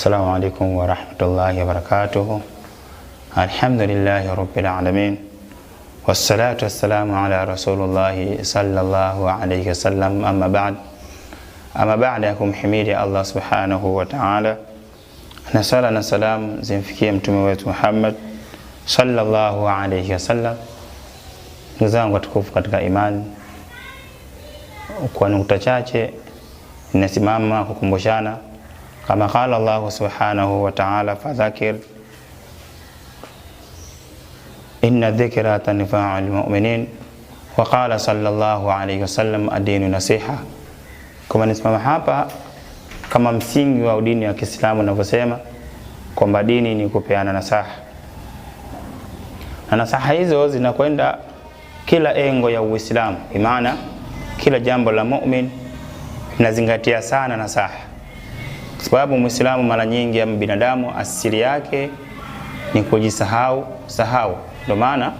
Assalamu alaikum warahmatullahi wabarakatuhu. Alhamdulillahi rabbil alamin wassalatu wassalamu ala rasulillahi sallallahu alayhi wasallam. Amma ba'd, amma baada ya kumhimidi Allah subhanahu wa ta'ala, na sala na salamu zimfikie mtume wetu Muhammad sallallahu alayhi wasallam. Ndugu zangu watukufu katika imani, kwa nukta chache ninasimama kukumbushana kama qala Allahu subhanahu wa ta'ala, fadhakir inna dhikra tanfa'u lmuminin, wa qala sallallahu alayhi wasallam, adinu nasiha. Kama nisimama hapa kama msingi wa dini ya Kiislamu unavyosema kwamba dini ni kupeana nasaha, na nasaha hizo zinakwenda kila engo ya Uislamu, bimaana kila jambo la mumin linazingatia sana nasaha kwa sababu Muislamu mara nyingi ama binadamu asili yake ni kujisahau sahau. Ndio maana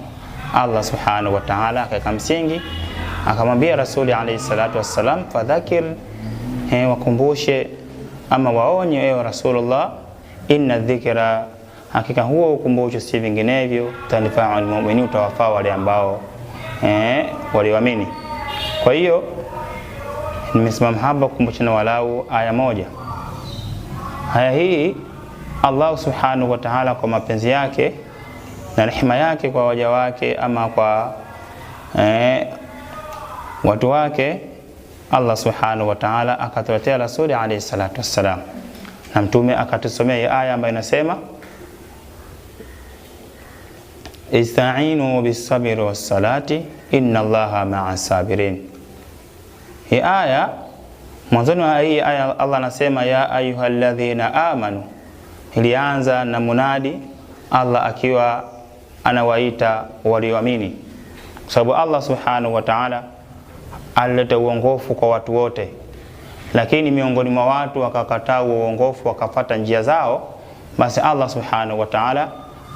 Allah subhanahu wa ta'ala akaweka msingi akamwambia Rasuli alayhi salatu wassalam, fadhakir, wakumbushe ama waonye, ewe Rasulullah, inna dhikra, hakika huo ukumbusho si vinginevyo, tanfau almu'minin, utawafaa wale ambao eh, walioamini. Kwa hiyo nimesimama hapa kukumbushana walau aya moja. Haya, hii Allah subhanahu wa ta'ala kwa mapenzi yake na rehema yake kwa waja wake ama kwa eh, watu wake Allah subhanahu wa ta'ala akatuletea rasuli alayhi salatu wassalam, na mtume akatusomea hii aya ambayo inasema istainu bisabiri wassalati inna allaha ma'asabirin. sabirin. Hii aya Mwanzoni wa hii aya Allah anasema ya ayyuhalladhina amanu, ilianza na munadi Allah akiwa anawaita walioamini, kwa sababu Allah subhanahu wa ta'ala alileta uongofu kwa watu wote, lakini miongoni mwa watu wakakataa uongofu, wakafata njia zao, basi Allah subhanahu wa ta'ala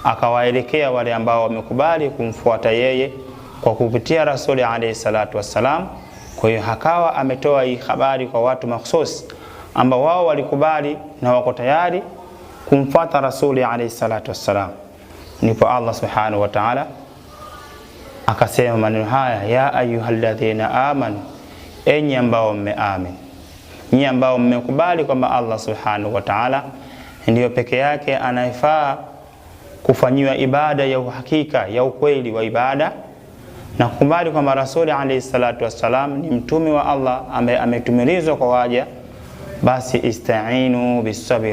akawaelekea wale ambao wamekubali kumfuata yeye kwa kupitia rasuli alayhi salatu wassalam kwa hiyo hakawa ametoa hii habari kwa watu mahususi ambao wao walikubali na wako tayari kumfuata Rasuli alayhi salatu wassalam. Ndipo Allah subhanahu wa ta'ala akasema maneno haya, ya ayyuhalladhina amanu, enyi ambao mmeamini, nyinyi ambao mmekubali kwamba Allah subhanahu wa ta'ala ndiyo peke yake anayefaa kufanyiwa ibada ya uhakika ya ukweli wa ibada na kukubali kwamba Rasuli alaihi salatu wassalam ni mtume wa Allah ambaye ametumilizwa kwa waja, basi istainu bisabiru